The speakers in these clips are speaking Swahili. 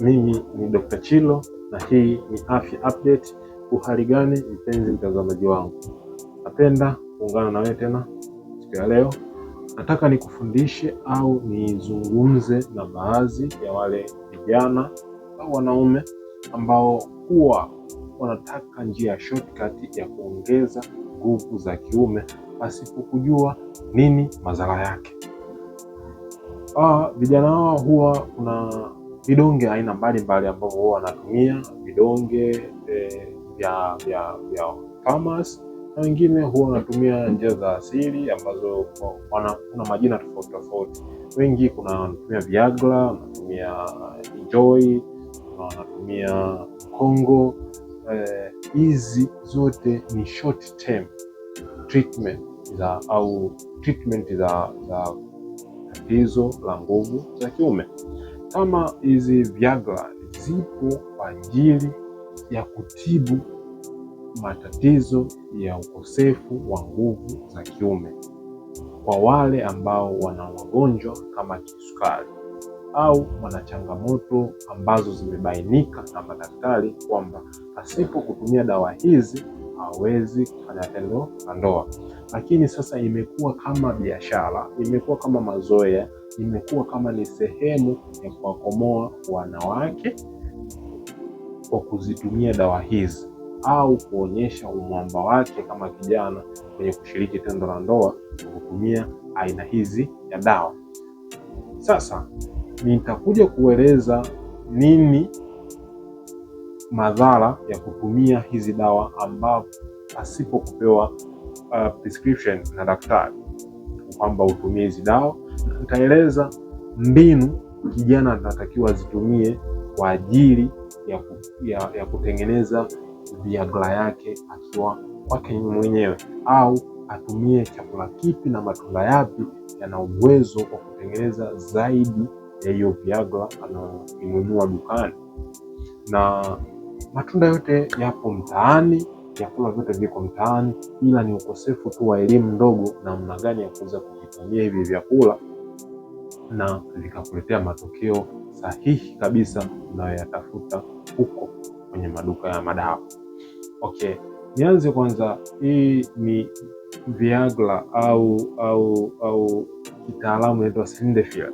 Mimi ni Dr. Chilo na hii ni Afya Update. Uhali gani mpenzi mtazamaji wangu, napenda kuungana na wewe tena siku ya leo. Nataka nikufundishe au nizungumze na baadhi ya wale vijana au wanaume ambao huwa wanataka njia ya shortcut ya kuongeza nguvu za kiume kujua nini madhara yake. Ah, vijana hawa huwa kuna vidonge aina mbalimbali ambavyo huwa wanatumia vidonge eh, vya vya vya farmers na wengine huwa wanatumia njia za asili ambazo kuna majina tofauti tofauti. Wengi kuna wanatumia Viagra, wanatumia Enjoy, wanatumia Kongo. Eh, hizi eh, zote ni short term treatment za au treatment za za tatizo la nguvu za kiume ama hizi Viagra zipo kwa ajili ya kutibu matatizo ya ukosefu wa nguvu za kiume kwa wale ambao wana magonjwa kama kisukari au wana changamoto ambazo zimebainika na madaktari kwamba asipo kutumia dawa hizi hawezi kufanya tendo la ndoa. Lakini sasa imekuwa kama biashara, imekuwa kama mazoea imekuwa kama ni sehemu ya kuwakomoa wanawake kwa kuzitumia dawa hizi au kuonyesha umwamba wake kama kijana kwenye kushiriki tendo la ndoa kwa kutumia aina hizi ya dawa. Sasa nitakuja kueleza nini madhara ya kutumia hizi dawa ambapo pasipo kupewa uh, prescription na daktari kwamba utumie hizi dawa nitaeleza mbinu kijana atatakiwa azitumie kwa ajili ya, ku, ya, ya kutengeneza viagra yake akiwa kwake mwenyewe au atumie chakula kipi na matunda yapi yana uwezo wa kutengeneza zaidi ya hiyo viagra anainunua dukani. Na matunda yote yapo mtaani, vyakula vyote viko mtaani, ila ni ukosefu tu wa elimu ndogo namna gani ya kuweza kuvitumia hivi vyakula na vikakuletea matokeo sahihi kabisa unayoyatafuta huko kwenye maduka ya madawa. Okay, nianze kwanza, hii ni Viagra au au au kitaalamu inaitwa Sildenafil.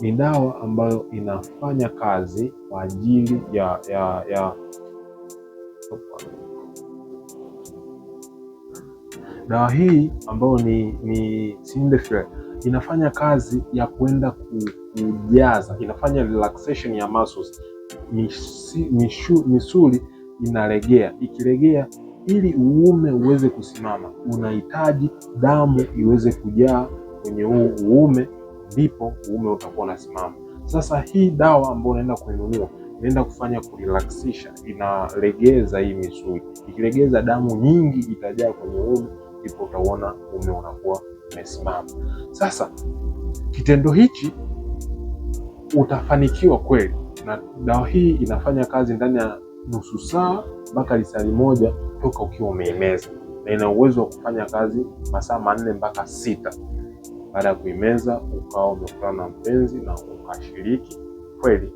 Ni dawa ambayo inafanya kazi kwa ajili ya ya ya dawa hii ambayo ni, ni Sildenafil inafanya kazi ya kuenda kujaza, inafanya relaxation ya muscles, misuli inalegea. Ikilegea, ili uume uweze kusimama, unahitaji damu iweze kujaa kwenye huu uume, ndipo uume utakuwa unasimama. Sasa hii dawa ambayo unaenda kuinunua inaenda kufanya kurelaksisha, inalegeza hii misuli. Ikilegeza, damu nyingi itajaa kwenye uume, ndipo utaona uume unakuwa umesimama. Sasa kitendo hichi utafanikiwa kweli, na dawa hii inafanya kazi ndani ya nusu saa mpaka lisali moja toka ukiwa umeimeza, na ina uwezo wa kufanya kazi masaa manne mpaka sita baada ya kuimeza ukawa umekutana na mpenzi na ukashiriki kweli,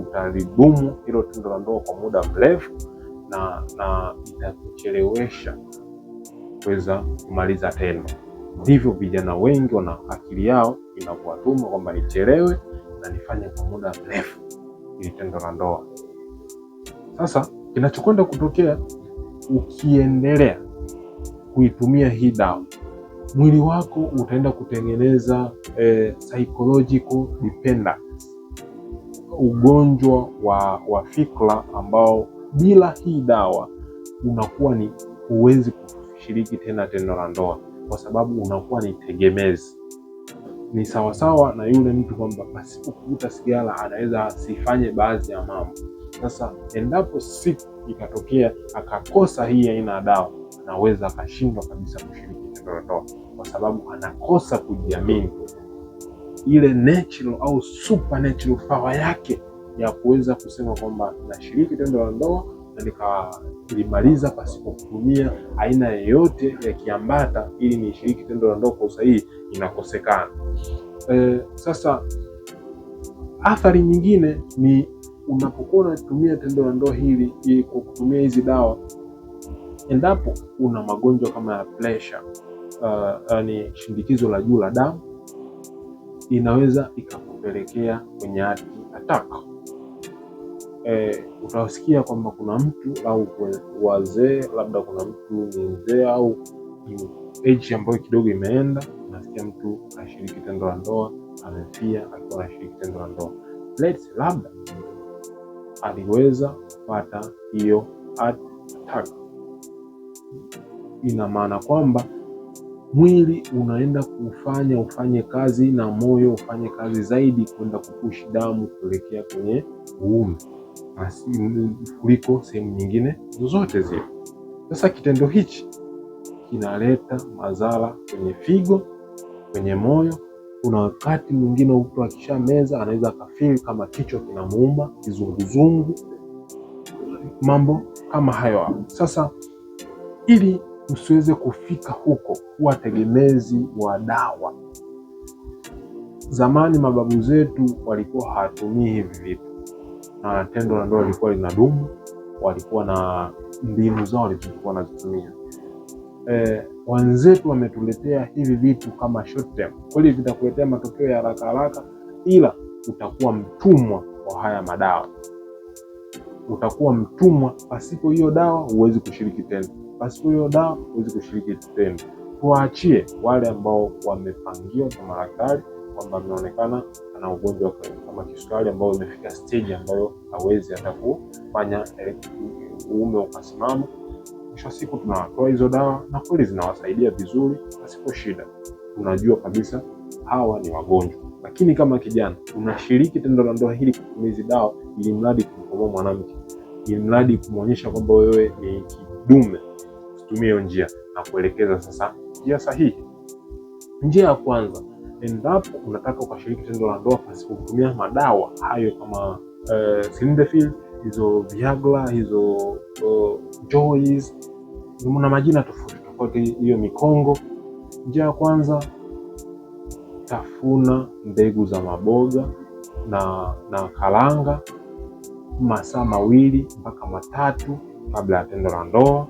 utalidumu hilo tendo la ndoa kwa muda mrefu, na na itakuchelewesha kuweza kumaliza tendo ndivyo vijana wengi wana akili yao inavyowatuma kwamba nichelewe na nifanye kwa muda mrefu ili tendo la ndoa. Sasa kinachokwenda kutokea, ukiendelea kuitumia hii dawa, mwili wako utaenda kutengeneza eh, psychological dependence, ugonjwa wa, wa fikra ambao bila hii dawa unakuwa ni huwezi kushiriki tena tendo la ndoa kwa sababu unakuwa ni tegemezi. Ni sawasawa na yule mtu kwamba pasipo kuvuta sigara anaweza asifanye baadhi ya mambo. Sasa endapo siku ikatokea akakosa hii aina ya dawa, anaweza akashindwa kabisa kushiriki tendo la ndoa kwa sababu anakosa kujiamini, ile natural au supernatural power yake ya kuweza kusema kwamba nashiriki tendo la ndoa na nikalimaliza pasipo kutumia aina yoyote ya kiambata ili nishiriki tendo la ndoa kwa usahihi inakosekana. E, sasa athari nyingine ni unapokuwa unatumia tendo la ndoa hili ili kwa kutumia hizi dawa, endapo una magonjwa kama ya pressure, uh, ni shindikizo la juu la damu, inaweza ikakupelekea kwenye heart attack eh, utasikia kwamba kuna mtu au wazee, labda kuna mtu ni mzee au age ambayo kidogo imeenda, unasikia mtu ashiriki tendo la ndoa, amefia akiwa anashiriki tendo la ndoa, labda aliweza kupata hiyo heart attack. Ina maana kwamba mwili unaenda kufanya ufanye kazi na moyo ufanye kazi zaidi kwenda kupushi damu kuelekea kwenye uume kuliko sehemu nyingine zozote zile. Sasa kitendo hichi kinaleta madhara kwenye figo, kwenye moyo. Kuna wakati mwingine mtu akisha meza anaweza akafili kama kichwa kinamuuma, kizunguzungu, mambo kama hayo hapo. Sasa ili usiweze kufika huko, huwa tegemezi wa dawa. Zamani mababu zetu walikuwa hawatumii hivi vitu na tendo la ndoa lilikuwa dumu walikuwa na mbinu zao walizokuwa wanazitumia. Eh, wenzetu wametuletea hivi vitu kama short term. Kweli vitakuletea matokeo ya haraka haraka, ila utakuwa mtumwa wa haya madawa, utakuwa mtumwa. Pasipo hiyo dawa huwezi kushiriki tendo, pasipo hiyo dawa huwezi kushiriki tendo. Tuwaachie wale ambao wamepangiwa na madaktari kwamba mnaonekana ana ugonjwa kama kisukari ambao umefika stage ambayo hawezi hata kufanya eh, uume ukasimama. Mwisho wa siku tunawatoa hizo dawa na kweli zinawasaidia vizuri pasipo shida. Unajua kabisa hawa ni wagonjwa, lakini kama kijana unashiriki tendo la ndoa hili kutumizi dawa, ili mradi kumkomoa mwanamke, ili mradi kumwonyesha kwamba wewe ni kidume, usitumie hiyo njia na kuelekeza sasa njia sahihi. Njia ya kwanza endapo unataka ukashiriki tendo la ndoa pasipo kutumia madawa hayo kama uh, Sildenafil, hizo Viagra, hizo uh, eh, Joys, na majina tofauti tofauti, hiyo mikongo. Njia ya kwanza, tafuna mbegu za maboga na, na kalanga masaa mawili mpaka matatu kabla ya tendo la ndoa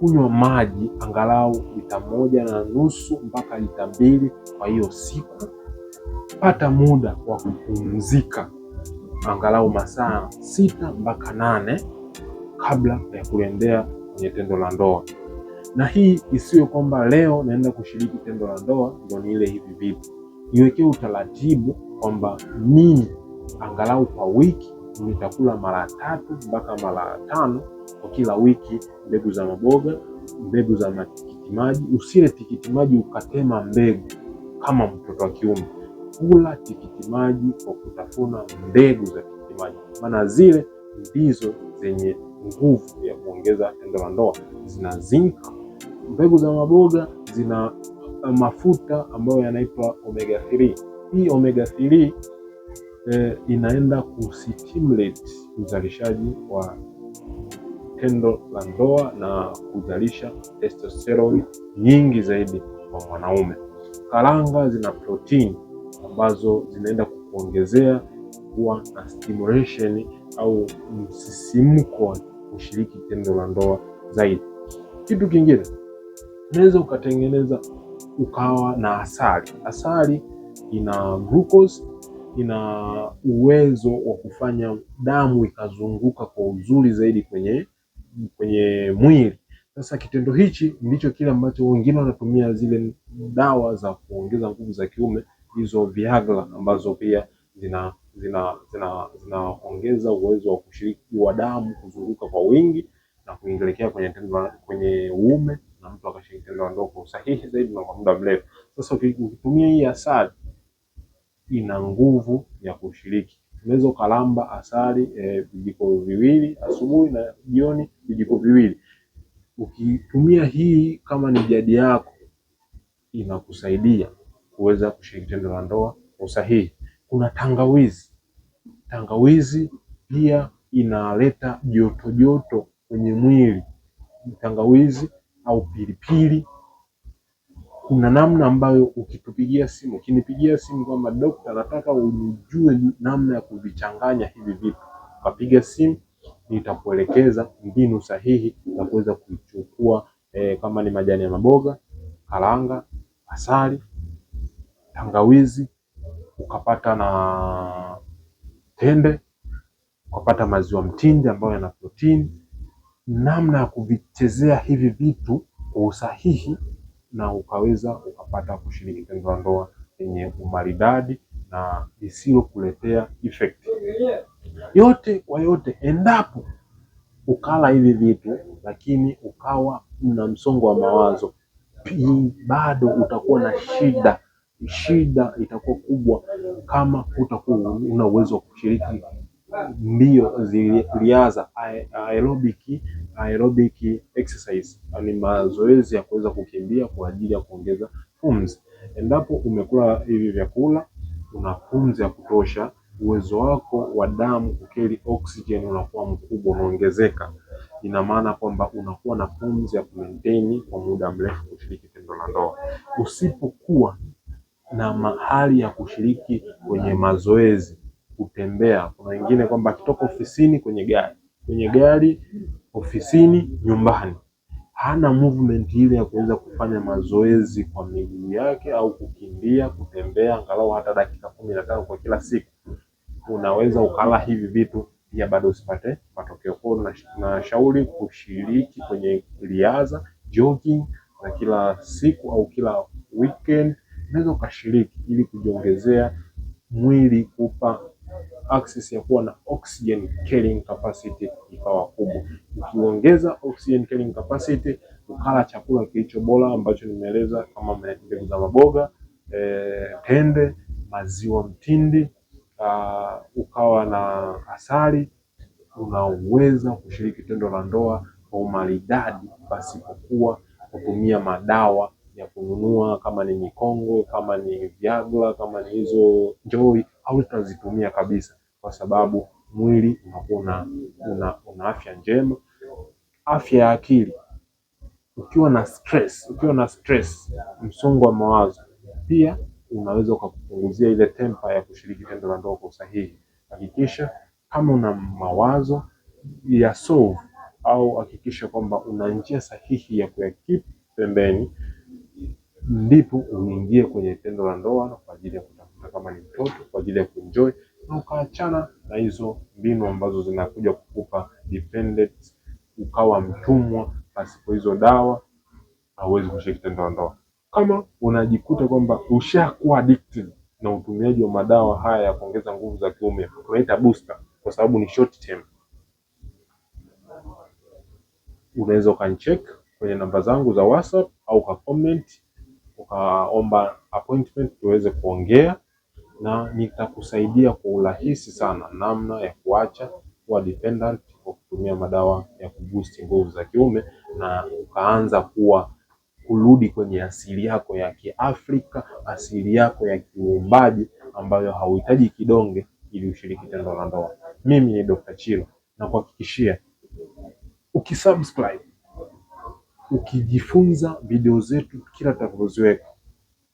kunywa maji angalau lita moja na nusu mpaka lita mbili kwa hiyo siku. Pata muda wa kupumzika angalau masaa sita mpaka nane kabla ya kuendea kwenye tendo la ndoa, na hii isiyo kwamba leo naenda kushiriki tendo la ndoa ndo ile hivi vipi. Iwekee utaratibu kwamba mimi angalau kwa wiki nitakula mara tatu mpaka mara tano kwa kila wiki, mbegu za maboga, mbegu za matikiti maji Usile tikiti maji ukatema mbegu kama mtoto wa kiume. Kula tikiti maji kwa kutafuna mbegu za tikiti maji maana zile ndizo zenye nguvu ya kuongeza tendo la ndoa. Zina zinc. Mbegu za maboga zina uh, mafuta ambayo yanaitwa omega 3. Hii omega 3 eh, inaenda kustimulate uzalishaji wa tendo la ndoa na kuzalisha testosterone nyingi zaidi kwa mwanaume. Karanga zina protini ambazo zinaenda kukuongezea kuwa na stimulation au msisimko wa kushiriki tendo la ndoa zaidi. Kitu kingine, unaweza ukatengeneza ukawa na asali. Asali ina glucose, ina uwezo wa kufanya damu ikazunguka kwa uzuri zaidi kwenye kwenye mwili. Sasa kitendo hichi ndicho kile ambacho wengine wanatumia zile dawa za kuongeza nguvu za kiume hizo Viagra, ambazo pia zina zina zinaongeza zina uwezo wa kushiriki wa damu kuzunguka kwa wingi na kuingelekea kwenye tendo kwenye uume na mtu akashiriki tendo la ndoa kwa usahihi zaidi na kwa muda mrefu. Sasa ukitumia hii asali ina nguvu ya kushiriki unaweza ukalamba asali eh, vijiko viwili asubuhi na jioni vijiko viwili. Ukitumia hii kama ni jadi yako, inakusaidia kuweza kushiriki tendo la ndoa kwa usahihi. Kuna tangawizi. Tangawizi pia inaleta joto joto kwenye mwili. Tangawizi au pilipili kuna namna ambayo ukitupigia simu, ukinipigia simu kwamba dokta, nataka unijue namna ya kuvichanganya hivi vitu, ukapiga simu, nitakuelekeza mbinu sahihi za kuweza kuchukua e, eh, kama ni majani ya maboga, karanga, asali, tangawizi, ukapata na tende, ukapata maziwa mtindi ambayo yana protini, namna ya kuvichezea hivi vitu kwa usahihi na ukaweza ukapata kushiriki tendo la ndoa yenye umaridadi na isiyokuletea effect yote. Kwa yote, endapo ukala hivi vitu lakini ukawa na msongo wa mawazo pii, bado utakuwa na shida. Shida itakuwa kubwa kama utakuwa una uwezo wa kushiriki mbio ziliaza aerobiki aerobic exercise ni mazoezi ya kuweza kukimbia kwa ajili ya kuongeza pumzi. Endapo umekula hivi vyakula, una pumzi ya kutosha, uwezo wako wa damu kukeli oxygen unakuwa mkubwa, unaongezeka. Ina maana kwamba unakuwa na pumzi ya kumaintain kwa muda mrefu kushiriki tendo la ndoa. Usipokuwa na mahali ya kushiriki kwenye mazoezi, kutembea, kuna wengine kwamba akitoka ofisini kwenye gari kwenye gari, ofisini, nyumbani. Hana movement ile ya kuweza kufanya mazoezi kwa miguu yake au kukimbia, kutembea angalau hata dakika kumi na tano kwa kila siku. Unaweza ukala hivi vitu pia bado usipate matokeo. Kwa nashauri kushiriki kwenye riadha, jogging na kila siku au kila weekend unaweza ukashiriki ili kujiongezea mwili kupa access ya kuwa na oxygen carrying capacity ikawa kubwa. Ukiongeza oxygen carrying capacity, ukala chakula kilicho bora ambacho nimeeleza kama mbegu za maboga e, tende, maziwa mtindi, uh, ukawa na asali, unaweza kushiriki tendo la ndoa kwa umaridadi pasipokuwa kutumia madawa ya kununua, kama ni mikongo, kama ni Viagra, kama ni hizo njoi hautazitumia kabisa, kwa sababu mwili unakuwa una, una, una afya njema. Afya ya akili, ukiwa na stress, ukiwa na stress, msongo wa mawazo pia unaweza ukakupunguzia ile tempa ya kushiriki tendo la ndoa kwa usahihi. Hakikisha kama una mawazo ya solve au hakikisha kwamba una njia sahihi ya kuyakipa pembeni, ndipo uingie kwenye tendo la ndoa kwa ajili ya na kama ni mtoto kwa ajili ya kuenjoy na ukaachana na hizo mbinu ambazo zinakuja kukupa dependent, ukawa mtumwa. Pasipo hizo dawa hauwezi kushika kitendo ndoa. Kama unajikuta kwamba ushakuwa addicted na utumiaji wa madawa haya ya kuongeza nguvu za kiume, tunaita booster kwa sababu ni short term, unaweza ukancheck kwenye namba zangu za WhatsApp au ka comment ukaomba appointment tuweze kuongea na nitakusaidia kwa urahisi sana namna ya kuacha kuwa dependent kwa kutumia madawa ya kuboost nguvu za kiume na ukaanza kuwa kurudi kwenye asili yako ya Kiafrika, asili yako ya kiumbaji ambayo hauhitaji kidonge ili ushiriki tendo la ndoa. Mimi ni Dr. Chilo na kuhakikishia ukisubscribe, ukijifunza video zetu kila tutakazoziweka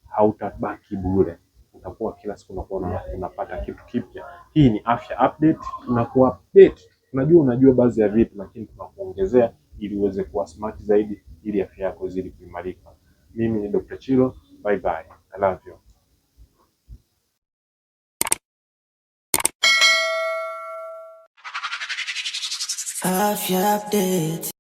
hautabaki bure utakuwa kila siku unakuwa unapata kitu kipya. Hii ni afya update, tunaku update unajua, unajua baadhi ya vitu, lakini tunakuongezea ili uweze kuwa smart zaidi, ili afya yako zili kuimarika. Mimi ni Dr. Chilo, bye bye. I love you. Afya update.